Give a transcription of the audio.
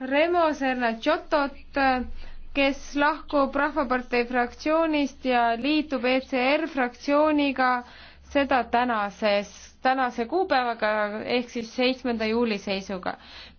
Remo Sernatšotot, kes lahkub Rahvapartei fraktsioonist ja liitub ECR fraktsiooniga, seda tänases, tänase kuupäevaga ehk siis seitsmenda juuli seisuga.